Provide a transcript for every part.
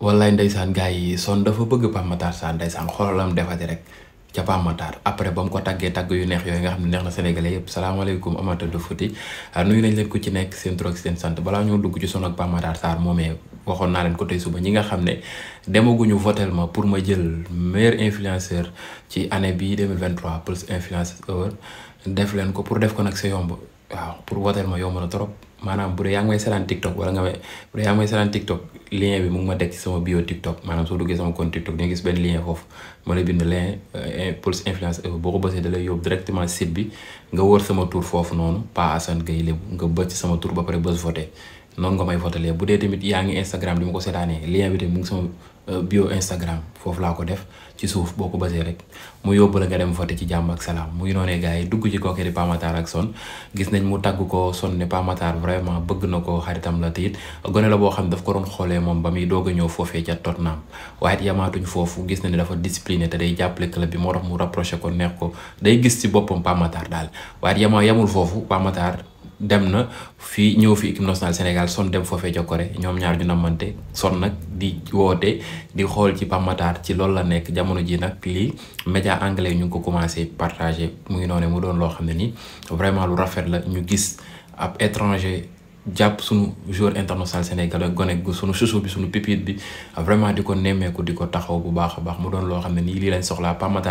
wallaay ndeysaan gars yi son dafa bëgg Pape Matar Sarr ndeysaan xolalam defati rek ca Pape Matar après ba mu ko tàggee tàgg yu neex yooyu nga xam ne neex na sénégalais yëpp salaamaaleykum amateur de foot yi ah, nuyu nañ leen ku ci nekk seen tur sant balaa ñoo dugg ci son ak Pape Matar Sarr moomee waxoon naa leen ko tey suba ñi nga xam ne demaguñu votel ma pour ma jël meilleur influenceur ci année bii 2023 plus influenceur def leen ko pour def ko nag sa yomb waaw pour wooteel ma yomb na trop maanaam bu dee yaa ngi may seetaan TikTok wala nga may bu dee yaa ngi may seetaan TikTok lien bi mu ngi ma teg ci sama bio TikTok maanaam soo duggee sama compte TikTok di gis benn lien foofu ma lay bind lien euh, Pulse Influence euh, boo ko bësee da lay yóbbu directement site bi nga wër sama tur foofu noonu Pa Assane Gueye Lébu nga bës ci sama tur ba pare bës voté. noonu nga may votalee bu dee tamit yaa ngi Instagram di ma ko seetaanee lien bi tamit mu ngi sama euh, bio Instagram foofu laa ko def ci suuf boo ko basee rek mu yóbbu la nga dem voté ci jàmm ak salaam mu ngi yi dugg ci kooku di Pape Matar ak Son gis mu tagg ko Son ne Pape vraiment bëgg na ko xaritam la te it gone la boo xam daf ko doon xoolee moom ba muy doog a ñëw foofee ca Tottenham waaye it yamaatuñ foofu gis na ne dafa discipliné te day jàppale club bi moo tax mu rapproché ko neex ko day gis ci boppam Pape daal waaye it yamaa yamul foofu Pape dem na fii ñëw fi équipe nationale Sénégal son dem foofee jokkore ñoom ñaar ñu namante son nag di woote di xool ci Pape ci loolu la nekk jamono ji nag lii média anglais ñu ngi ko commencé partagé mu ngi noonu mu doon loo xam ne nii vraiment lu rafet la ñu gis ab étranger jàpp suñu joueur international sénégalais gone gu suñu chouchou bi suñu pépite bi vraiment di ko nemmeeku di ko taxaw bu baax a baax mu doon loo xam ne nii lii lañ soxlaa Pape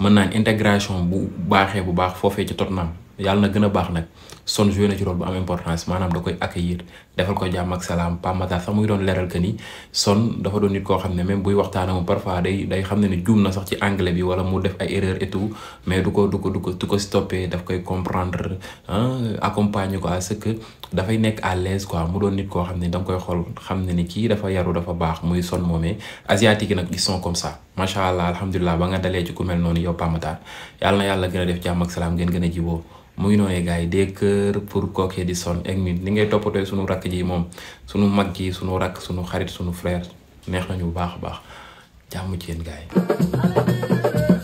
mën naa intégration bu baaxee bu baax foofee ci Tottenham yàlla na gën a baax nag son joué na ci rôle bu am importance maanaam da koy accueillir defal ko jàmm ak salaam Pape Matar sax muy doon leeral que ni son dafa doon nit koo xam ne même buy waxtaana mu parfois day day xam ne ne juum na sax ci anglais bi wala mu def ay erreur et tout mais du ko du ko du ko du ko daf koy comprendre accompagner ko à ce que dafay nekk à l'aise quoi mu doon nit koo xam ne da nga koy xool xam ne ni kii dafa yaru dafa baax muy son moomee asiatique nag ils sont comme ça macha allah alhamdulilah ba nga dalee ci ku mel noonu yow Pamatar yàlla yàlla gën a def jàmm ak salaam ngeen gën a jiboo mu ngi noonu gars yi des pour Coke di son ak ñun ni ngay toppatoo suñu rakk ji moom suñu mag ji suñu rakk suñu xarit suñu frère neex nañu bu baax a baax jàmm ci yéen gars yi